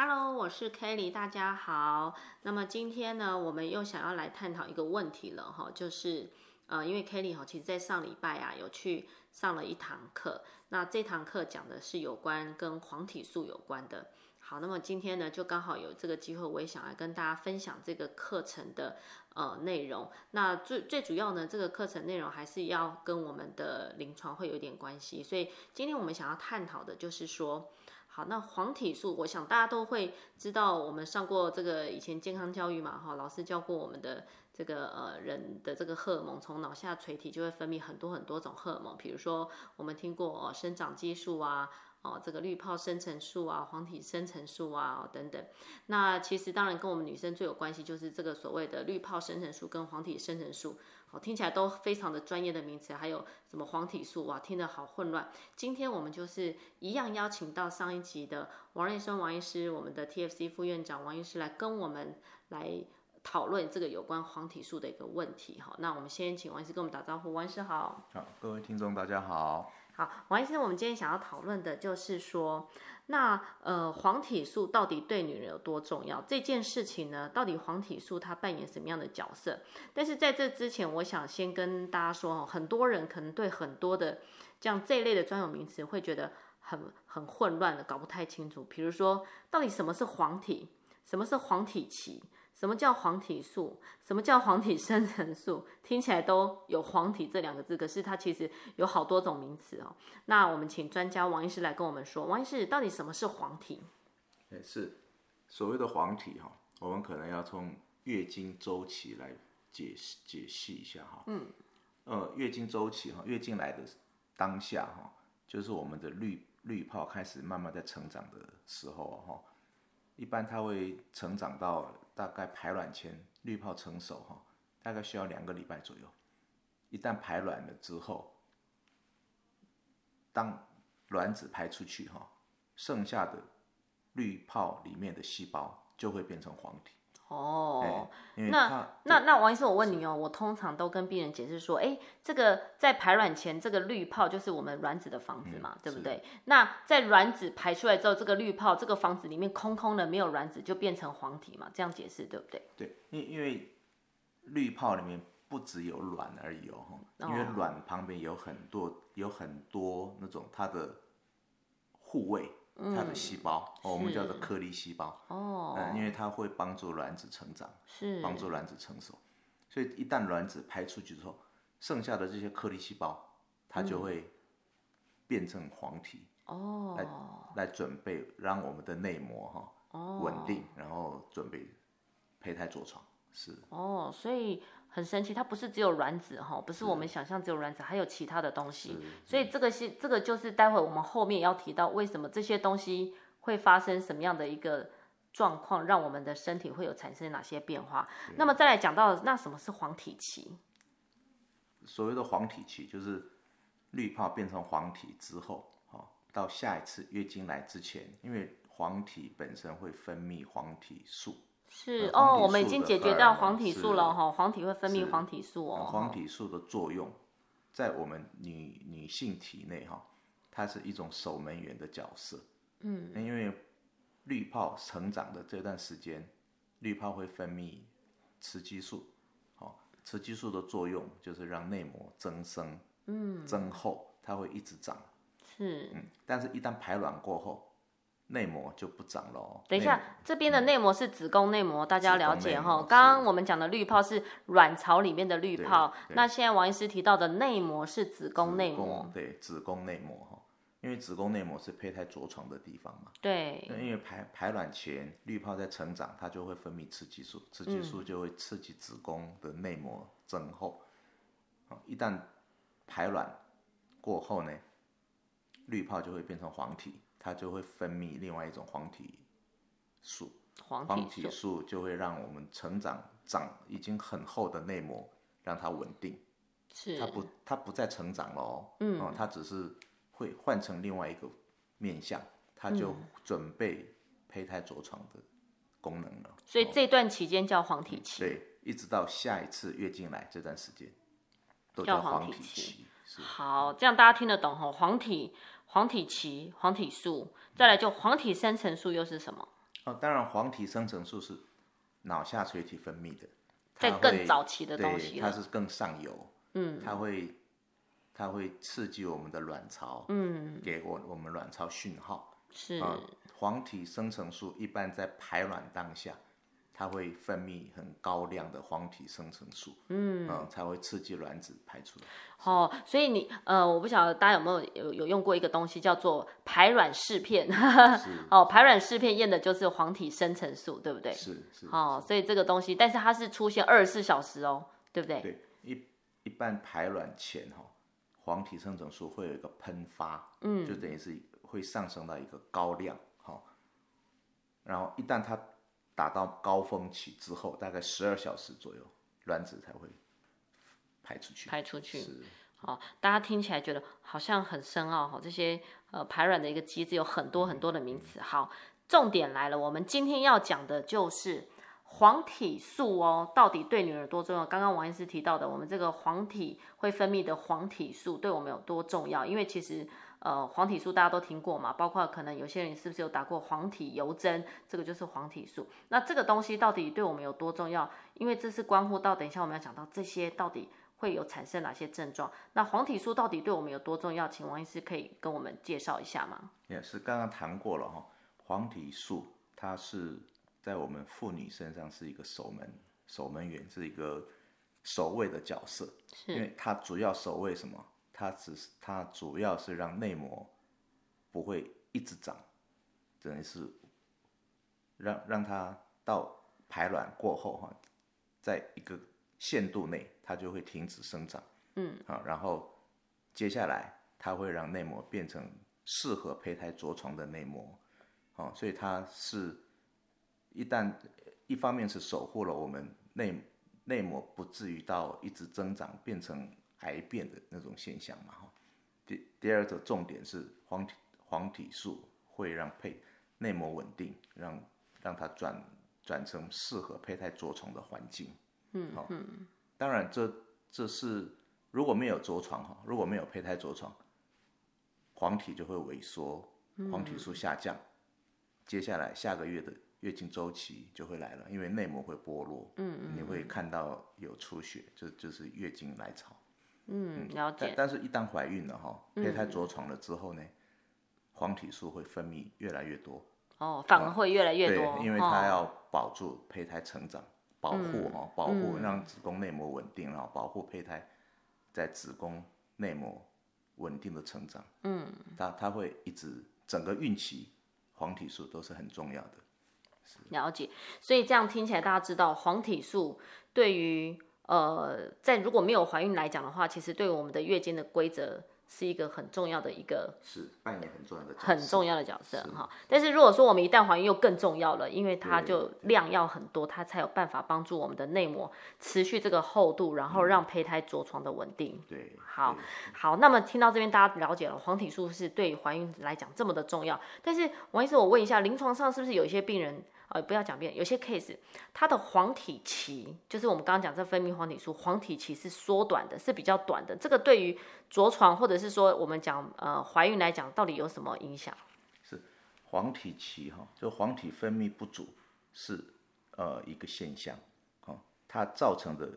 Hello，我是 Kelly，大家好。那麼今天呢，我們又想要來探討一個問題了哈，就是呃，因為 Kelly 其實在上禮拜啊有去上了一堂課，那這堂課講的是有關跟黃體素有關的。好，那麼今天呢，就剛好有這個機會，我也想來跟大家分享這個課程的呃內容。那最最主要呢，這個課程內容還是要跟我們的臨床會有點關係，所以今天我們想要探討的就是說。好，那黃體素，我想大家都會知道，我們上過這個以前健康教育嘛，哈、哦，老師教過我們的這個呃人的這個荷爾蒙，從腦下垂體就會分泌很多很多種荷爾蒙，比如說我們聽過、哦、生長激素啊。哦，這個濾泡生成素啊，黃體生成素啊、哦、等等。那其實當然跟我們女生最有關係，就是這個所謂的濾泡生成素跟黃體生成素。好、哦，聽起來都非常的專業的名詞，還有什麼黃體素哇，聽得好混亂。今天我們就是一樣邀請到上一集的王瑞生、王醫師，我們的 TFC 副院長王醫師來跟我們來討論這個有關黃體素的一個問題。好、哦，那我們先請王醫師跟我們打招呼。王醫師好，好好，各位聽眾大家好。好，王醫師，我們今天想要討論的就是說，那呃，黃體素到底對女人有多重要這件事情呢？到底黃體素它扮演什麼樣的角色？但是在這之前，我想先跟大家說，很多人可能對很多的像這樣，這一類的專有名詞會覺得很很混亂的，搞不太清楚。比如說，到底什麼是黃體，什麼是黃體期？什麼叫黃體素？什麼叫黃體生成素？聽起來都有“黃體”這兩個字，可是它其實有好多種名詞哦。那我們請專家王醫師來跟我們說，王醫師到底什麼是黃體？哎，是所謂的黃體哈，我們可能要從月經週期來解解析一下哈。嗯，呃、嗯，月經週期哈，月經來的當下哈，就是我們的濾濾泡開始慢慢在成長的時候哈，一般它會成長到。大概排卵前，濾泡成熟哈，大概需要兩個禮拜左右。一旦排卵了之後，當卵子排出去哈，剩下的濾泡裡面的細胞就會變成黃體。哦，欸、那那那王醫生，我問你哦，我通常都跟病人解釋說，哎、欸，這個在排卵前，這個濾泡就是我們卵子的房子嘛，嗯、對不對？那在卵子排出來之後，這個濾泡這個房子裡面空空的，沒有卵子，就變成黃體嘛，這樣解釋對不對？對，因因為濾泡裡面不只有卵而已哦，哦因為卵旁邊有很多有很多那種它的護衛。嗯、它的細胞哦，我們叫做顆粒細胞、哦、嗯，因為它會幫助卵子成長，是、幫助卵子成熟，所以一旦卵子排出去之後，剩下的這些顆粒細胞它就會變成黃體、嗯來、哦、來準備讓我們的內膜哈、哦、穩、哦、定，然後準備胚胎着床是哦，所以。很神奇，它不是只有卵子哈，不是我們想象只有卵子，還有其他的東西。所以這個是這個就是待會我們後面要提到為什麼這些東西會發生什麼樣的一個狀況，讓我們的身體會有產生哪些變化。那麼再來講到那什麼是黃體期？所謂的黃體期就是濾泡變成黃體之後，到下一次月經來之前，因為黃體本身會分泌黃體素。是哦，我們已經解決掉黃體素了哈，黃體會分泌黃體素哦。黃體素的作用在我們女女性體內哈，它是一種守門員的角色。嗯，因為濾泡成長的這段時間，濾泡會分泌雌激素，好，哦，雌激素的作用就是讓內膜增生，嗯，增厚，它會一直長，嗯。是。嗯，但是一旦排卵過後。內膜就不長了哦。等一下，這邊的內膜是子宮內膜，嗯、大家要了解哈。剛剛我們講的濾泡是卵巢裡面的濾泡，那現在王醫師提到的內膜是子宮內膜，對，子宮內膜，因為子宮內膜是胚胎着床的地方嘛。對，因為排排卵前濾泡在成長，它就會分泌雌激素，雌激素就會刺激子宮的內膜增厚。嗯、一旦排卵過後呢，濾泡就會變成黃體。它就會分泌另外一種黃體素，黃體素，黃體素就會讓我們成長長已經很厚的內膜，讓它穩定，是它不它不再成長了，哦，嗯，嗯，它只是會換成另外一個面向，它就準備胚胎着床的功能了。嗯，哦、所以這段期間叫黃體期，嗯，對，一直到下一次月經來這段時間都叫黃體期。好，這樣大家聽得懂哦，黃體。黃體期、黃體素，再來就黃體生成素又是什麼？哦，當然，黃體生成素是腦下垂體分泌的，在更早期的東西，它是更上游，嗯，它會它會刺激我們的卵巢，嗯，給我們我們卵巢訊號，是，啊，黃體生成素一般在排卵當下，它會分泌很高量的黃體生成素，嗯，啊、嗯，才會刺激卵子排出來。哦，所以你，呃，我不曉得大家有沒有有有用過一個東西叫做排卵試片。 是。哦，排卵試片驗的就是黃體生成素，對不對？是是。哦，所以這個東西，但是它是出現二十四小時哦，對不對？對，一一般排卵前哈、哦，黃體生成素會有一個噴發，嗯，就等於是會上升到一個高量，哦，然後一旦它。達到高峰期之後，大概十二小時左右，卵子才會排出去。排出去，是好，大家聽起來覺得好像很深奧、哦、哈，這些呃排卵的一個機制有很多很多的名詞、嗯。好，重點來了，我們今天要講的就是黃體素哦，到底對女人多重要？剛剛王醫師提到的，我們這個黃體會分泌的黃體素對我們有多重要？因為其實。呃，黃體素大家都聽過嘛，包括可能有些人是不是有打過黃體油針，這個就是黃體素。那這個東西到底對我們有多重要？因為這是關乎到等一下我們要講到這些到底會有產生哪些症狀。那黃體素到底對我們有多重要？請王醫師可以跟我們介紹一下嗎？也、yeah, 是剛剛談過了哈，黃體素它是在我們婦女身上是一個守門守門員，是一個守衛的角色，是，因為它主要守衛什麼？它只是，它主要是讓內膜不會一直長，等於是讓讓它到排卵過後哈，在一個限度內，它就會停止生長。嗯，然後接下來它會讓內膜變成適合胚胎着床的內膜。好，所以它是一旦一方面是守護了我們內內膜不至於到一直增長變成。癌變的那種現象嘛哈。第第二個重點是黃體黃體素會讓胚內膜穩定，讓讓它轉轉成適合胚胎着床的環境。嗯，嗯。當然這，這這是如果沒有着床哈，如果沒有胚胎着床，黃體就會萎縮，黃體素下降，嗯、接下來下個月的月經週期就會來了，因為內膜會剝落，嗯，嗯，你會看到有出血，這就，就是月經來潮。嗯，了解。但，但是，一旦懷孕了哈，胚胎着床了之後呢、嗯，黃體素會分泌越來越多。哦，反而會越來越多，哦，因為它要保住胚胎成長，保護啊、哦嗯，保護讓子宮內膜穩定，然、嗯、後保護胚胎在子宮內膜穩定的成長。嗯，它它會一直整個孕期黃體素都是很重要的。了解，所以這樣聽起來，大家知道黃體素對於。呃，在如果沒有懷孕來講的話，其實對我們的月經的規則是一個很重要的一個，是扮演很重要的角色，很重要的角色哈。但是如果說我們一旦懷孕，又更重要了，因為它就量要很多，它才有辦法幫助我們的內膜持續這個厚度，然後讓胚胎着床的穩定。嗯對。對，好，好。那麼聽到這邊大家了解了，黃體素是對於懷孕來講這麼的重要。但是王醫生，我問一下，臨床上是不是有一些病人？呃、哦、不要講遍，有些 case，它的黃體期就是我們剛剛講這分泌黃體素，黃體期是縮短的，是比較短的。這個對於着床或者是說我們講呃懷孕來講，到底有什麼影響？是黃體期哈、哦，就黃體分泌不足是呃一個現象，哦、它造成的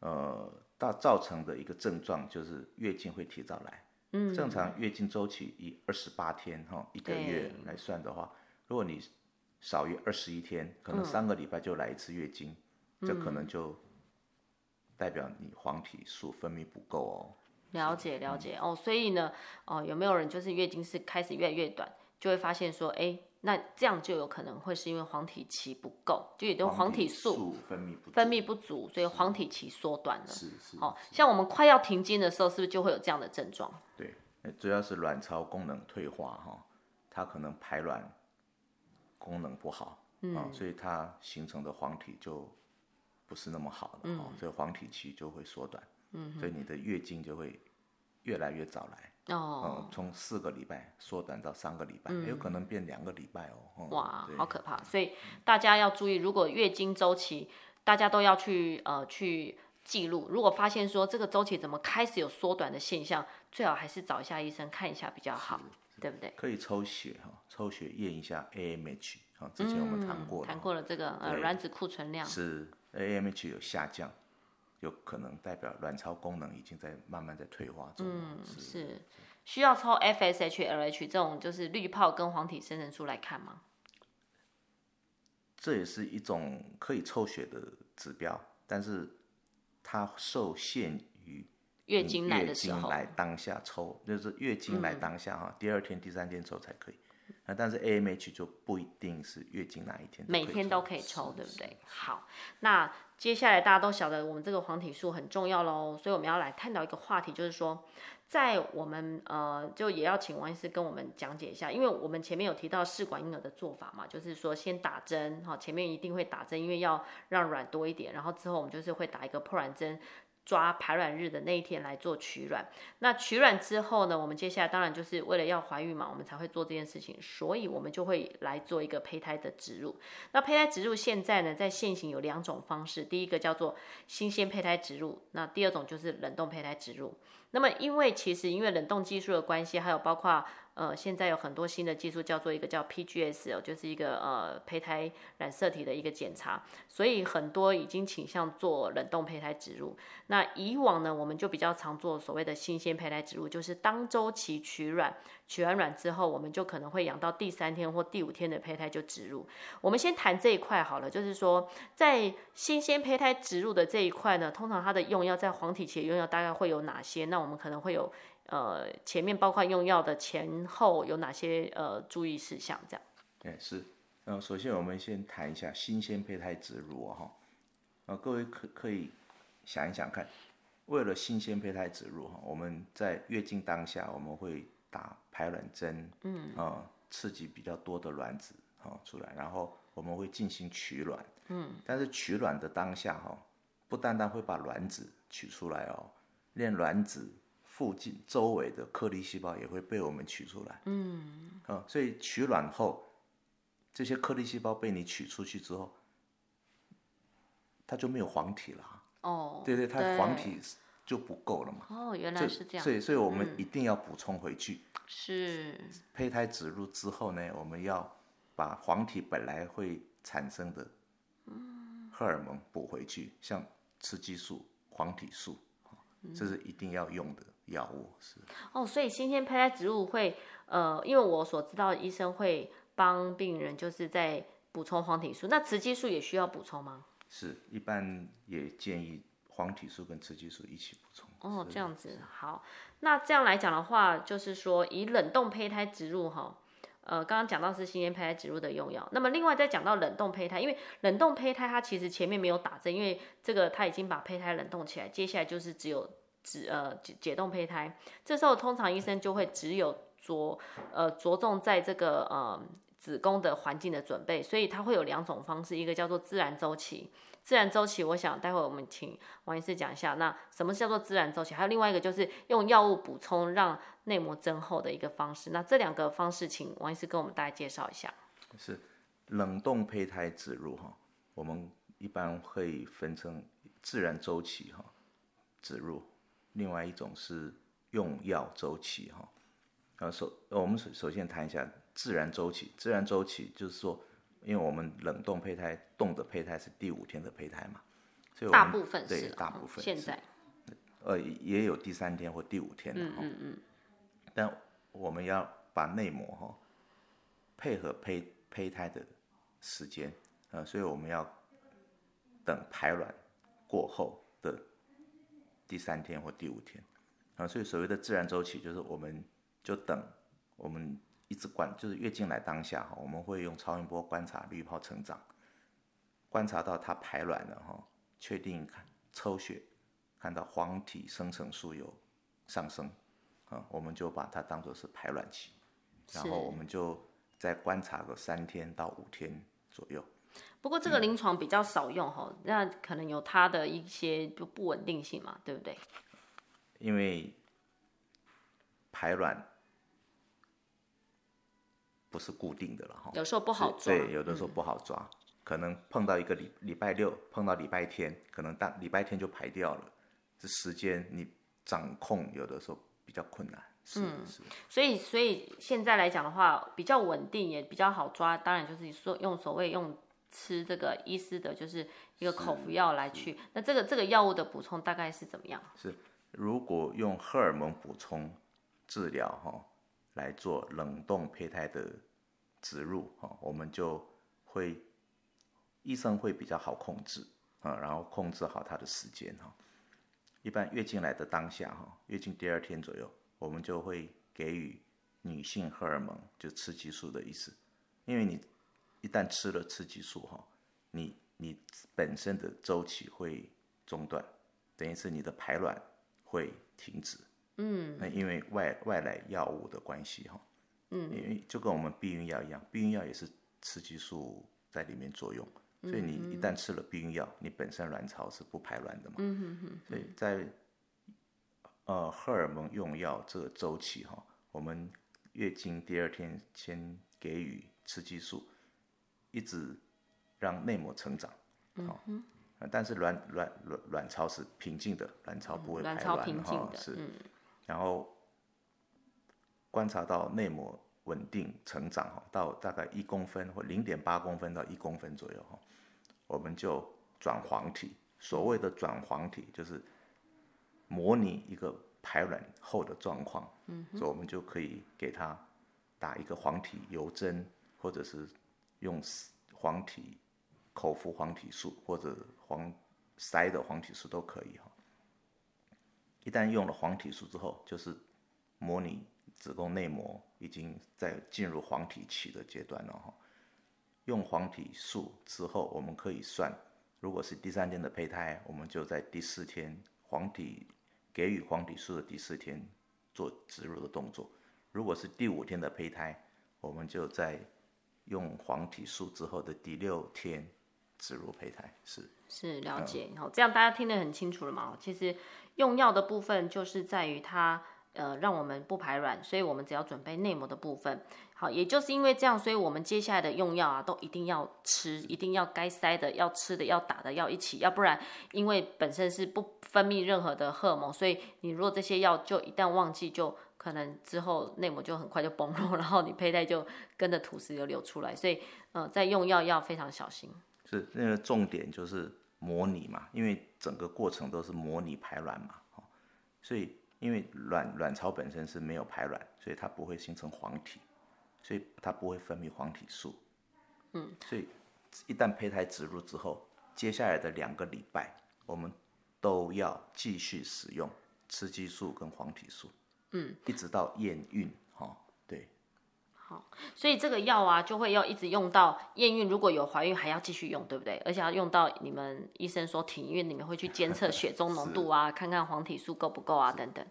呃它造成的一個症狀就是月經會提早來。嗯，正常月經週期以二十八天哈一個月來算的話，哎、如果你。少於二十一天，可能三個禮拜就來一次月經，這、嗯、可能就代表你黃體素分泌不夠哦、嗯。了解了解哦，所以呢，哦有沒有人就是月經是開始越來越短，就會發現說，哎、欸，那這樣就有可能會是因為黃體期不夠，就也就是黃體素分泌不足，黃體素分泌不足，分泌不足，所以黃體期縮短了。是是，是，哦像我們快要停經的時候，是不是就會有這樣的症狀？對，主要是卵巢功能退化哈，它可能排卵。功能不好啊、嗯哦，所以它形成的黃體就不是那麼好了、嗯哦，所以黃體期就會縮短、嗯，所以你的月經就會越來越早來哦、嗯，從四個禮拜縮短到三個禮拜，有、嗯、可能變兩個禮拜哦。嗯、哇，好可怕！所以大家要注意，如果月經週期大家都要去呃去記錄，如果發現說這個週期怎麼開始有縮短的現象，最好還是找一下醫生看一下比較好。對不對？可以抽血哈，抽血驗一下 AMH，好，之前我們談過、嗯，談過了這個、呃、卵子庫存量是 AMH 有下降，有可能代表卵巢功能已經在慢慢在退化中。嗯，是，是，是需要抽 FSH、LH 這種就是濾泡跟黃體生成素來看嗎？這也是一種可以抽血的指標，但是它受限。月經來的時候、嗯，月經來當下抽,就是月經來當下哈，第二天、第三天抽才可以。那但是 AMH 就不一定是月經那一天都，每天都可以抽，對不對？好，那接下來大家都曉得我們這個黃體素很重要嘍，所以我們要來探討一個話題，就是說，在我們呃，就也要請王醫師跟我們講解一下，因為我們前面有提到試管嬰兒的做法嘛，就是說先打針哈，前面一定會打針，因為要讓卵多一點，然後之後我們就是會打一個破卵針。抓排卵日的那一天來做取卵，那取卵之後呢，我們接下來當然就是為了要懷孕嘛，我們才會做這件事情，所以我們就會來做一個胚胎的植入。那胚胎植入現在呢，在現行有兩種方式，第一個叫做新鮮胚胎植入，那第二種就是冷凍胚胎植入。那麼因為其實因為冷凍技術的關係，還有包括。呃，現在有很多新的技術，叫做一個叫 PGSL，就是一個呃胚胎染色體的一個檢查，所以很多已經傾向做冷凍胚胎植入。那以往呢，我們就比較常做所謂的新鮮胚胎植入，就是當週期取卵，取完卵之後，我們就可能會養到第三天或第五天的胚胎就植入。我們先談這一塊好了，就是說在新鮮胚胎植入的這一塊呢，通常它的用藥在黃體期的用藥大概會有哪些？那我們可能會有。呃，前面包括用藥的前後有哪些呃注意事項？這樣，哎、嗯，是，嗯，首先我們先談一下新鮮胚胎植入哦，哈、哦，各位可可以想一想看，為了新鮮胚胎植入哈，我們在月經當下我們會打排卵針，嗯，啊、呃，刺激比較多的卵子啊、哦、出來，然後我們會進行取卵，嗯，但是取卵的當下哈，不單單會把卵子取出來哦，連卵子附近周圍的顆粒細胞也會被我們取出來，嗯、啊，所以取卵後，這些顆粒細胞被你取出去之後，它就沒有黃體了，哦，對對，它黃體就不夠了嘛，哦，原來是這樣就，所以所以我們一定要補充回去，是、嗯，胚胎植入之後呢，我們要把黃體本來會產生的，荷爾蒙補回去，像雌激素、黃體素，這是一定要用的。嗯藥物是哦，所以新鮮胚胎植入會呃，因為我所知道，醫生會幫病人就是在補充黃體素。那雌激素也需要補充嗎？是，一般也建議黃體素跟雌激素一起補充。哦，這樣子好。那這樣來講的話，就是說以冷凍胚胎植入哈，呃，剛剛講到是新鮮胚胎植入的用藥。那麼另外再講到冷凍胚胎，因為冷凍胚胎它其實前面沒有打針，因為這個它已經把胚胎冷凍起來，接下來就是只有。指，呃解解凍胚胎，這時候通常醫生就會只有着呃着重在這個呃子宮的環境的準備，所以它會有兩種方式，一個叫做自然周期，自然周期我想待會我們請王醫師講一下，那什麼叫做自然周期？還有另外一個就是用藥物補充讓內膜增厚的一個方式。那這兩個方式，請王醫師跟我們大家介紹一下。是冷凍胚胎植入哈，我們一般會分成自然周期哈植入。另外一種是用藥周期，哈，呃，首我們首首先談一下自然周期。自然周期就是說，因為我們冷凍胚胎凍的胚胎是第五天的胚胎嘛，所以我們大部分是、哦、對大部分現在，呃，也有第三天或第五天的哈。嗯嗯嗯。但我們要把內膜哈配合胚胚胎的時間，呃，所以我們要等排卵過後。第三天或第五天，啊，所以所謂的自然周期就是我們就等，我們一直觀，就是月經來當下哈，我們會用超音波觀察濾泡成長，觀察到它排卵了哈，確定看抽血看到黃體生成素有上升，啊，我們就把它當做是排卵期，然後我們就再觀察個三天到五天左右。不過這個臨床比較少用哈、嗯哦，那可能有它的一些就不穩定性嘛，對不對？因為排卵不是固定的了哈，有時候不好抓，對，有的時候不好抓，嗯、可能碰到一個禮禮拜六，碰到禮拜天，可能大禮拜天就排掉了，這時間你掌控有的時候比較困難。是。嗯、是所以所以現在來講的話，比較穩定也比較好抓，當然就是說用所謂用。吃這個醫師的就是一個口服藥來去，嗯、那這個這個藥物的補充大概是怎麼樣？是如果用荷爾蒙補充治療哈、哦，來做冷凍胚胎的植入哈、哦，我們就會醫生會比較好控制啊、哦，然後控制好他的時間哈、哦。一般月經來的當下哈、哦，月經第二天左右，我們就會給予女性荷爾蒙，就雌激素的意思，因為你。一旦吃了雌激素哈，你你本身的週期會中斷，等於是你的排卵會停止。嗯，那因為外外來藥物的關係哈，嗯，因為就跟我們避孕藥一樣，避孕藥也是雌激素在裡面作用，所以你一旦吃了避孕藥，你本身卵巢是不排卵的嘛。嗯哼哼哼。所以在呃荷爾蒙用藥這個週期哈，我們月經第二天先給予雌激素。一直讓內膜成長，好、嗯，但是卵卵卵卵巢是平靜的，卵巢不會排卵哈、嗯，是、嗯，然後觀察到內膜穩定成長到大概一公分或零點八公分到一公分左右哈，我們就轉黃體。所謂的轉黃體就是模擬一個排卵後的狀況，嗯，所以我們就可以給它打一個黃體油針，或者是。用黃體口服黃體素或者黃塞的黃體素都可以哈。一旦用了黃體素之後，就是模擬子宮內膜已經在進入黃體期的階段了哈。用黃體素之後，我們可以算，如果是第三天的胚胎，我們就在第四天黃體給予黃體素的第四天做植入的動作；如果是第五天的胚胎，我們就在。用黃體素之後的第六天，植入胚胎。是是了解、嗯，好，這樣大家聽得很清楚了嘛？其實用藥的部分就是在於它，呃，讓我們不排卵，所以我們只要準備內膜的部分。好，也就是因為這樣，所以我們接下來的用藥啊，都一定要吃，一定要該塞的要吃的，要打的要一起，要不然因為本身是不分泌任何的荷爾蒙，所以你如果這些藥就一旦忘記就。可能之後內膜就很快就崩落，然後你胚胎就跟着吐司就流出來，所以，呃，在用藥要非常小心。是，那個重點就是模擬嘛，因為整個過程都是模擬排卵嘛，所以因為卵卵巢本身是沒有排卵，所以它不會形成黃體，所以它不會分泌黃體素。嗯。所以一旦胚胎植入之後，接下來的兩個禮拜，我們都要繼續使用雌激素跟黃體素。嗯，一直到驗孕哈，對，好，所以這個藥啊，就會要一直用到驗孕。如果有懷孕，還要繼續用，對不對？而且要用到你們醫生說停孕，你們會去監測血中濃度啊，看看黃體素夠不夠啊，等等。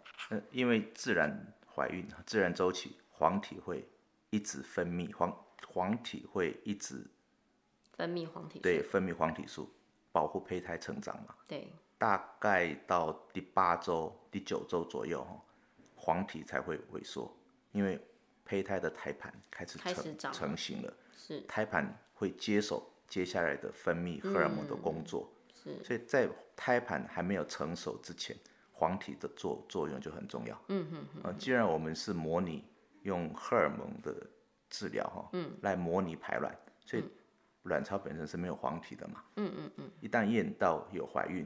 因為自然懷孕，自然周期黃體會一直分泌黃黃體會一直分泌黃體素，對，分泌黃體素保護胚胎成長嘛。對，大概到第八周、第九周左右黃體才會萎縮，因為胚胎的胎盤開始成型了，是胎盤會接手接下來的分泌荷爾蒙的工作、嗯，所以在胎盤還沒有成熟之前，黃體的作作用就很重要。嗯,嗯,嗯既然我們是模擬用荷爾蒙的治療哈、嗯，來模擬排卵，所以卵巢本身是沒有黃體的嘛，嗯嗯嗯，一旦驗到有懷孕。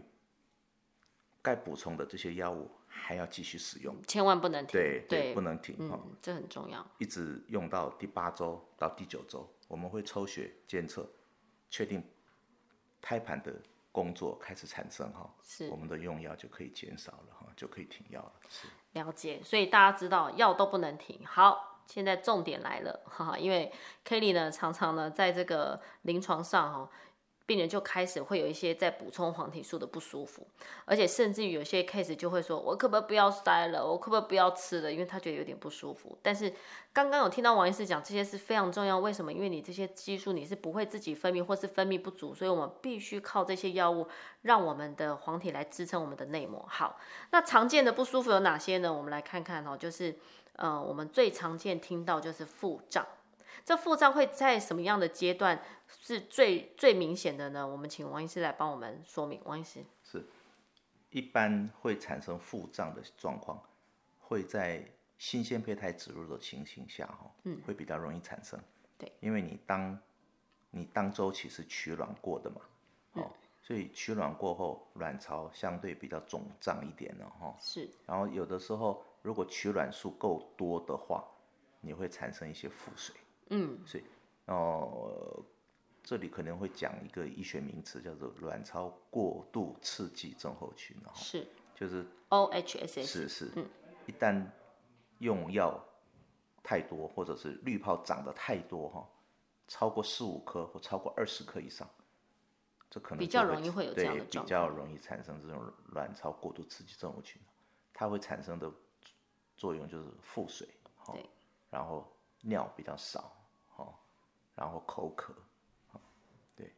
該補充的這些藥物還要繼續使用，千萬不能停。對對,對，不能停，哈、嗯哦，這很重要。一直用到第八周到第九周，我們會抽血監測，確定胎盤的工作開始產生哈，是、哦、我們的用藥就可以減少了哈、哦，就可以停藥了。是，了解。所以大家知道藥都不能停。好，現在重點來了哈,哈，因為 Kelly 呢，常常呢，在這個臨床上哈、哦。病人就開始會有一些在補充黃體素的不舒服，而且甚至於有些 case 就會說，我可不可以不要塞了，我可不可以不要吃了，因為他覺得有點不舒服。但是剛剛有聽到王醫師講，這些是非常重要。為什麼？因為你這些激素你是不會自己分泌或是分泌不足，所以我們必須靠這些藥物讓我們的黃體來支撐我們的內膜。好，那常見的不舒服有哪些呢？我們來看看哦，就是呃，我們最常見聽到就是腹脹。這腹脹會在什麼樣的階段是最最明顯的呢？我們請王醫師來幫我們說明，王醫師。是，一般會產生腹脹的狀況，會在新鮮胚胎植入的情形下，哈，嗯，會比較容易產生。對，因為你當你當周期是取卵過的嘛、嗯哦，所以取卵過後，卵巢相對比較腫脹一點了，哈、哦，是。然後有的時候，如果取卵數夠多的話，你會產生一些腹水。嗯，所以，哦、呃，這裡可能會講一個醫學名詞，叫做卵巢過度刺激症候群，是，就是 OHSS 是、是，嗯，一旦用藥太多，或者是濾泡長得太多哈，超過十五顆或超過二十顆以上，這可能比較容易會有對，比較容易產生這種卵巢過度刺激症候群。它會產生的作用就是腹水，對，然後。尿比較少，然後口渴，對。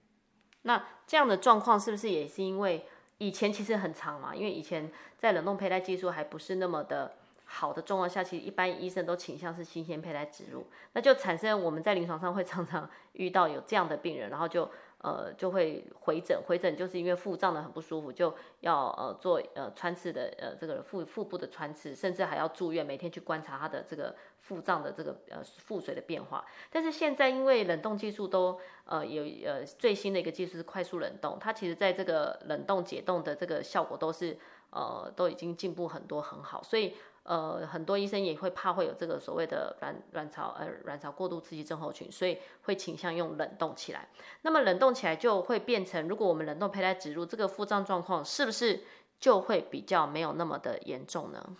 那這樣的狀況是不是也是因為以前其實很常嘛？因為以前在冷凍胚胎技術還不是那麼的好的狀況下，其實一般醫生都傾向是新鮮胚胎植入，那就產生我們在臨床上會常常遇到有這樣的病人，然後就。呃，就會回診，回診就是因為腹脹得很不舒服，就要呃做呃穿刺的呃這個腹腹部的穿刺，甚至還要住院，每天去觀察他的這個腹脹的這個呃腹水的變化。但是現在因為冷凍技術都呃有呃最新的一個技術是快速冷凍，它其實在這個冷凍解凍的這個效果都是呃都已經進步很多很好，所以。呃，很多醫生也會怕會有這個所謂的卵卵巢呃卵巢過度刺激症候群，所以會傾向用冷凍起來。那麼冷凍起來就會變成，如果我們冷凍胚胎植入，這個腹脹狀況是不是就會比較沒有那麼的嚴重呢？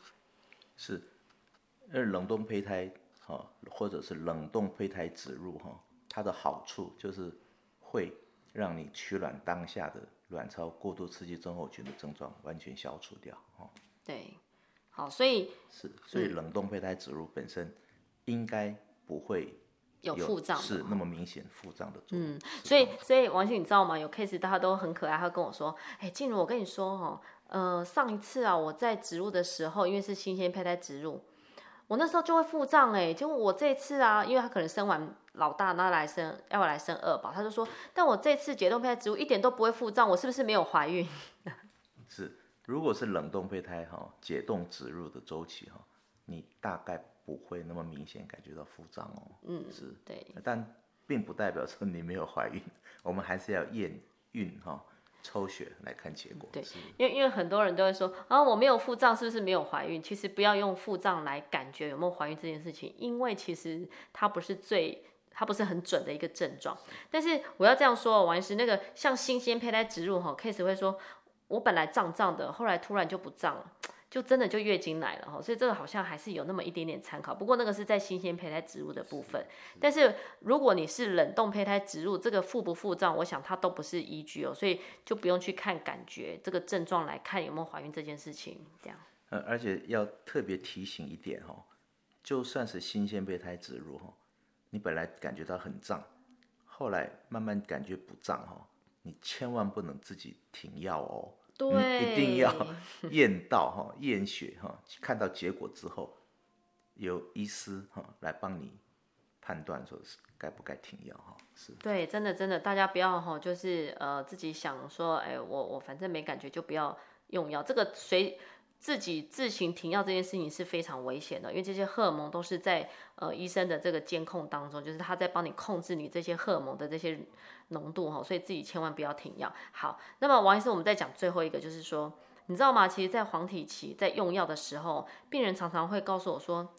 是，冷凍胚胎哈，或者是冷凍胚胎植入哈，它的好處就是會讓你取卵當下的卵巢過度刺激症候群的症狀完全消除掉啊。對。好，所以是，所以冷凍胚胎，胎植入本身應該不會有，有腹脹啊，是那麼明顯腹脹的作用。嗯，所以所以王心你知道嗎？有 case 大家都很可愛，他跟我說，哎，靜茹我跟你說哈，呃，上一次啊我在植入的時候，因為是新鮮胚胎，胎植入，我那時候就會腹脹哎、欸，結果我這次啊，因為他可能生完老大，那來生要我來生二寶，他就說，但我這次解凍胚胎植入一點都不會腹脹，我是不是沒有懷孕？ 是。如果是冷凍胚胎哈解凍植入的周期哈，你大概不會那麼明顯感覺到腹脹哦。嗯，是對，但並不代表說你沒有懷孕，我們還是要驗孕哈，抽血來看結果。對，因為因為很多人都會說啊，我沒有腹脹，是不是沒有懷孕？其實不要用腹脹來感覺有沒有懷孕這件事情，因為其實它不是最，它不是很準的一個症狀。但是我要這樣說，王醫師，那個像新鮮胚胎植入哈 case 會說。我本來脹脹的，後來突然就不脹了，就真的就月經來了哈，所以這個好像還是有那麼一點點參考。不過那個是在新鮮胚胎植入的部分，但是如果你是冷凍胚胎植入，這個腹不腹脹，我想它都不是依據哦，所以就不用去看感覺這個症狀來看有沒有懷孕這件事情。這樣。而且要特別提醒一點哈，就算是新鮮胚胎植入哈，你本來感覺到很脹，後來慢慢感覺不脹哈。你千萬不能自己停藥哦，對，一定要驗到哈， 驗血哈，看到結果之後，由醫師哈來幫你判斷說是該不該停藥哈。是,是，對，真的真的，大家不要哈，就是呃自己想說，哎，我我反正沒感覺就不要用藥，這個隨自己自行停藥這件事情是非常危險的，因為這些荷爾蒙都是在呃醫生的這個監控當中，就是他在幫你控制你這些荷爾蒙的這些。濃度哈、哦，所以自己千萬不要停藥。好，那麼王醫師，我們再講最後一個，就是說，你知道嗎？其實，在黃體期在用藥的時候，病人常常會告訴我說，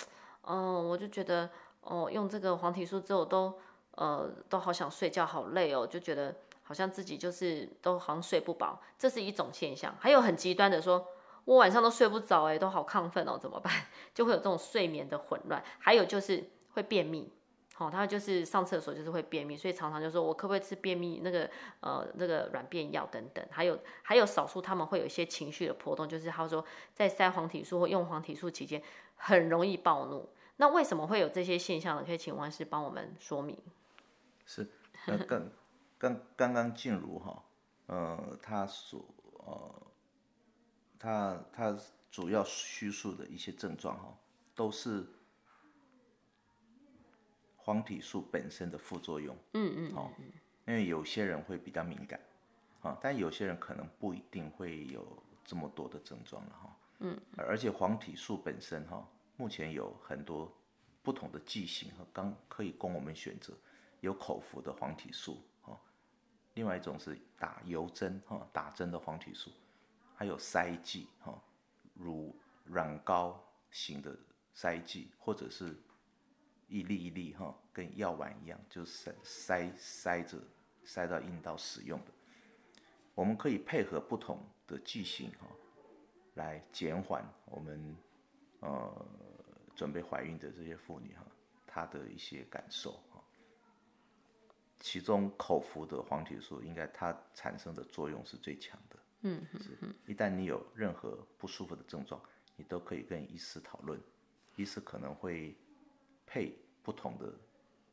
嗯、呃，我就覺得哦、呃，用這個黃體素之後都，都呃，都好想睡覺，好累哦，就覺得好像自己就是都好像睡不飽，這是一種現象。還有很極端的說，說我晚上都睡不着，哎，都好亢奮哦，怎麼辦？就會有這種睡眠的混亂，還有就是會便秘。哦，他就是上廁所就是會便秘，所以常常就說我可不可以吃便秘那個呃那個軟便藥等等，還有還有少數他們會有一些情緒的波動，就是他說在塞黃體素或用黃體素期間很容易暴怒，那為什麼會有這些現象呢？可以請王醫師幫我們說明。是，呃、 剛剛剛剛靜茹哈、哦，呃，他所呃他他主要敘述的一些症狀哈、哦，都是。黃體素本身的副作用，嗯，嗯嗯，因為有些人會比較敏感，但有些人可能不一定會有這麼多的症狀了哈，嗯，嗯，而且黃體素本身哈，目前有很多不同的劑型和剛可以供我們選擇，有口服的黃體素，另外一種是打油針哈，打針的黃體素，還有塞劑哈，如軟膏型的塞劑或者是。一粒一粒哈，跟藥丸一樣，就是塞塞塞着塞到陰道使用的。我們可以配合不同的劑型哈，來減緩我們呃準備懷孕的這些婦女哈，她的一些感受哈。其中口服的黃體素應該它產生的作用是最強的。嗯嗯，嗯。一旦你有任何不舒服的症狀，你都可以跟醫師討論，醫師可能會。配不同的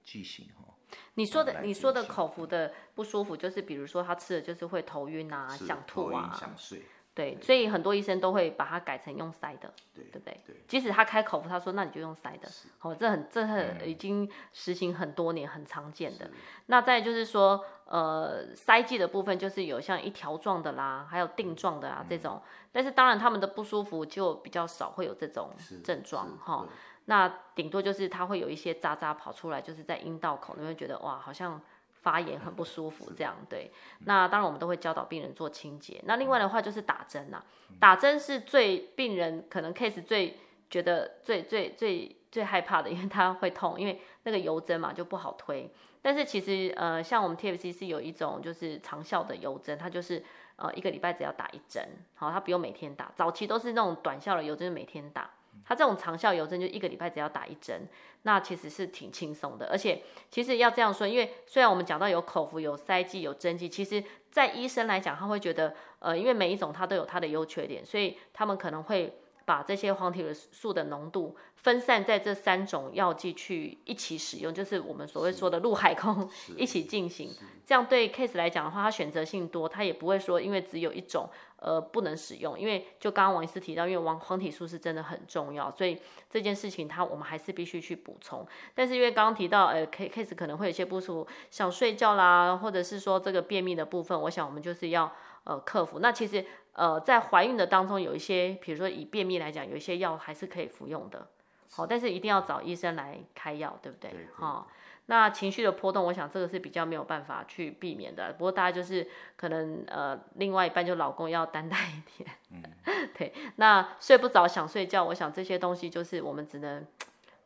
劑型、哦、你說的你說的口服的不舒服，就是比如說他吃了就是會頭暈啊、想吐啊、想睡對。對，所以很多醫生都會把它改成用塞的，對對,對,對即使他開口服，他說那你就用塞的。是。這很這很,這很已經實行很多年，很常見的。那再就是說，呃，塞劑的部分就是有像一條狀的啦，還有錠狀的啊、嗯、這種，但是當然他們的不舒服就比較少會有這種症狀哈。那頂多就是它會有一些渣渣跑出來，就是在陰道口，你會覺得哇，好像發炎很不舒服這樣。對，那當然我們都會教導病人做清潔。那另外的話就是打針啦、啊，打針是最病人可能 case 最覺得最最最最害怕的，因為它會痛，因為那個油針嘛就不好推。但是其實呃，像我們 TFC 是有一種就是長效的油針，它就是呃一個禮拜只要打一針，好，它不用每天打。早期都是那種短效的油針，每天打。它這種長效油針就一個禮拜只要打一針，那其實是挺輕鬆的。而且其實要這樣說，因為雖然我們講到有口服、有塞劑、有針劑，其實在醫生來講，他會覺得，呃，因為每一種它都有它的優缺點，所以他們可能會把這些黃體的素的濃度分散在這三種藥劑去一起使用，就是我們所謂說的陸海空一起進行。這樣對 case 來講的話，他選擇性多，他也不會說因為只有一種。呃，不能使用，因為就剛剛王醫師提到，因為黃黃體素是真的很重要，所以這件事情它我們還是必須去補充。但是因為剛剛提到，呃，case 可能會有些不舒服，想睡覺啦，或者是說這個便秘的部分，我想我們就是要呃克服。那其實呃在懷孕的當中，有一些，比如說以便秘來講，有一些藥還是可以服用的，好，哦，但是一定要找醫生來開藥，對不對？好。哦那情緒的波動，我想這個是比較沒有辦法去避免的。不過大家就是可能呃，另外一半就老公要擔待一點。嗯， 對。那睡不着想睡覺，我想這些東西就是我們只能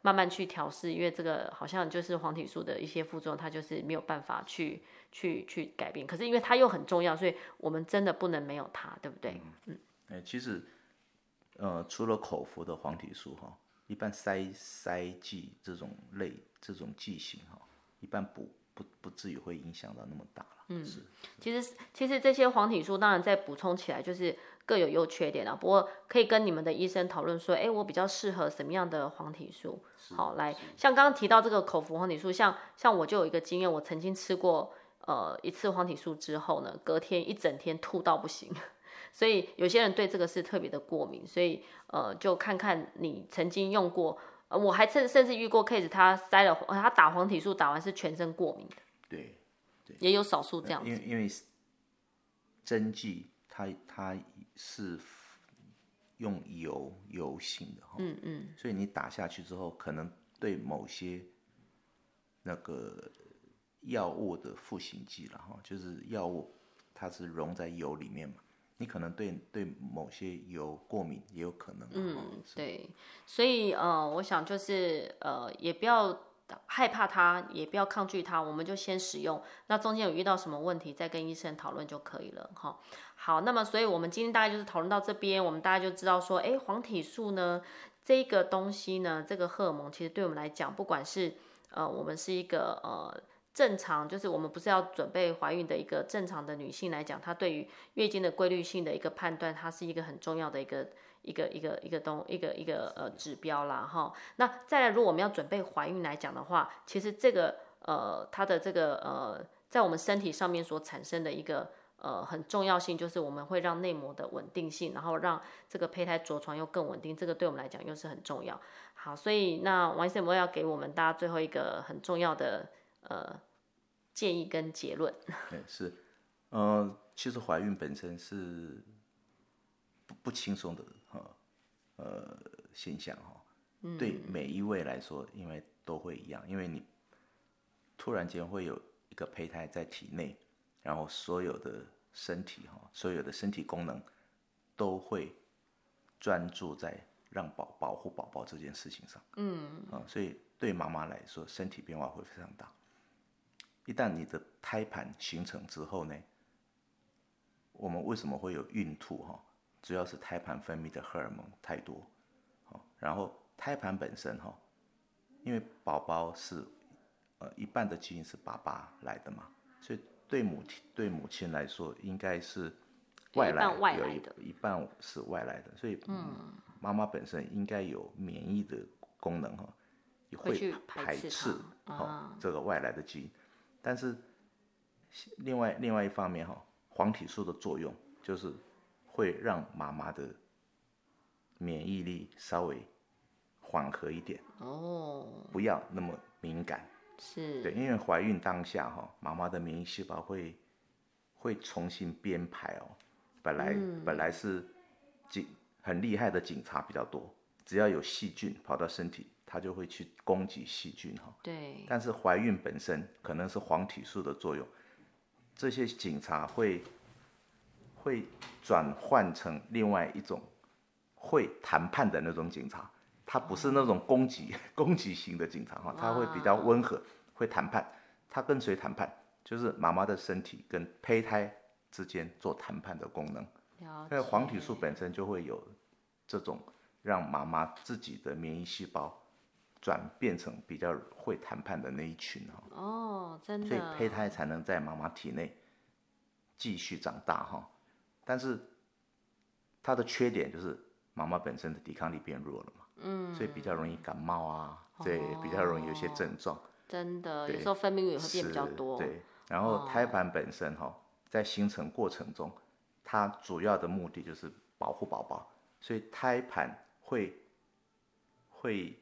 慢慢去調試，因為這個好像就是黃體素的一些副作用，它就是沒有辦法去去去改變。可是因為它又很重要，所以我們真的不能沒有它，對不對？嗯。哎、欸，其實呃，除了口服的黃體素哈。一般塞塞劑這種類這種劑型哈，一般不不不至於會影響到那麼大。嗯，其實其實這些黃體素當然在補充起來就是各有優缺點了。不過可以跟你們的醫生討論說，哎，我比較適合什麼樣的黃體素？好來，像剛剛提到這個口服黃體素，像像我就有一個經驗，我曾經吃過呃一次黃體素之後呢，隔天一整天吐到不行。所以有些人對這個是特別的過敏，所以呃，就看看你曾經用過，呃、我還甚甚至遇過 case，他塞了他打黃體素打完是全身過敏的對。對對，也有少數這樣、呃、因為因為針劑它它是用油油性的哈，嗯嗯，所以你打下去之後，可能對某些那個藥物的賦形劑，然後就是藥物它是溶在油裡面嘛。你可能對對某些有過敏，也有可能啊。嗯，對，所以呃，我想就是呃，也不要害怕它，也不要抗拒它，我們就先使用。那中間有遇到什麼問題，再跟醫生討論就可以了哈。哦。好，那麼所以我們今天大概就是討論到這邊，我們大家就知道說，哎，黃體素呢這個東西呢，這個荷爾蒙其實對我們來講，不管是呃，我們是一個呃。正常就是我們不是要準備懷孕的一個正常的女性來講，她對於月經的規律性的一個判斷，它是一個很重要的一個一個一個一個東一個一個呃指標啦。哈。那再來，如果我們要準備懷孕來講的話，其實這個呃它的這個呃在我們身體上面所產生的一個呃很重要性，就是我們會讓內膜的穩定性，然後讓這個胚胎着床又更穩定，這個對我們來講又是很重要。好，所以那王醫生要給我們大家最後一個很重要的，呃，建議跟結論。對，是，呃，其實懷孕本身是不輕鬆的，呃，現象哈、哦嗯，對每一位來說，因為都會一樣，因為你突然間會有一個胚胎在體內，然後所有的身體哈，所有的身體功能都會專注在讓保保護寶寶這件事情上，嗯啊、呃，所以對媽媽來說，身體變化會非常大。一旦你的胎盤形成之後呢，我們為什麼會有孕吐？哈，主要是胎盤分泌的荷爾蒙太多，然後胎盤本身哈，因為寶寶是呃一半的基因是爸爸來的嘛，所以對母親對母親來說應該是外來有一有一半外來的有一半是外來的，所以媽媽、嗯、本身應該有免疫的功能哈，會排斥哈這個外來的基因。但是，另外另外一方面哈、哦，黃體素的作用就是會讓媽媽的免疫力稍微緩和一點哦，不要那麼敏感。是，對，因為懷孕當下哈、哦，媽媽的免疫細胞會會重新編排哦，本來、嗯、本來是警很厲害的警察比較多，只要有細菌跑到身體，它就會去攻擊細菌哈，對。但是懷孕本身可能是黃體素的作用，這些警察會，會轉換成另外一種會談判的那種警察，它不是那種攻擊、嗯、攻擊型的警察哈，它會比較溫和，會談判。它跟誰談判？就是媽媽的身體跟胚胎之間做談判的功能。那黃體素本身就會有這種讓媽媽自己的免疫細胞。轉變成比較會談判的那一群哦、oh,，真的，所以胚胎才能在媽媽體內繼續長大哈。但是它的缺點就是媽媽本身的抵抗力變弱了嘛，嗯，所以比較容易感冒啊，oh, 對，比較容易有一些症狀、oh,。真的，有時候分泌物也會變比較多。對，然後胎盤本身哈，在形成過程中，oh. 它主要的目的就是保護寶寶，所以胎盤會會會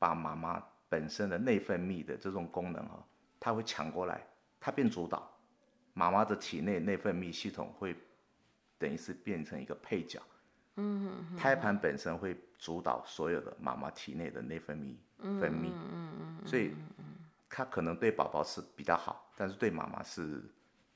把媽媽本身的內分泌的這種功能哈、哦，它會搶過來，它變主導，媽媽的體內內分泌系統會等於是變成一個配角，嗯、哼哼，胎盤本身會主導所有的媽媽體內的內分泌分泌，嗯、哼哼哼，所以它可能對寶寶是比較好，但是對媽媽是。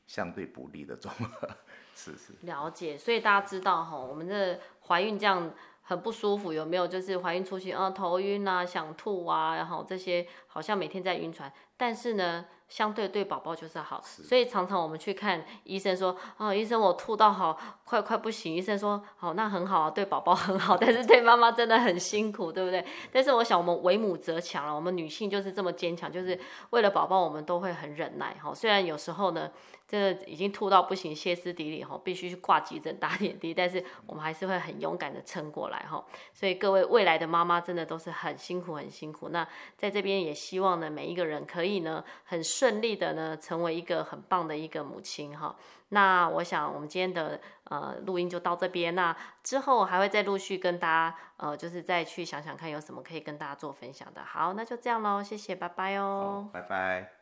相對不利的狀況，是是了解。所以大家知道吼，我們的懷孕這樣很不舒服，有沒有？就是懷孕初期，啊，頭暈啊，想吐啊，然後這些好像每天在暈船，但是呢。相對對寶寶就是好是，所以常常我們去看醫生說，說哦，醫生，我吐到好快快不行。醫生說好、哦、那很好啊，對寶寶很好，但是對媽媽真的很辛苦，對不對？但是我想我們為母則強了、啊，我們女性就是這麼堅強，就是為了寶寶我們都會很忍耐哈、哦。雖然有時候呢，這個、已經吐到不行，歇斯底里，哈、哦，必須去掛急診打點滴，但是我們還是會很勇敢的撐過來哈、哦。所以各位未來的媽媽真的都是很辛苦很辛苦。那在這邊也希望呢，每一個人可以呢很。順利的呢，成為一個很棒的一個母親哈。那我想我們今天的呃錄音就到這邊，那之後還會再陸續跟大家呃，就是再去想想看有什麼可以跟大家做分享的。好，那就這樣嘍，謝謝，拜拜哦，拜拜。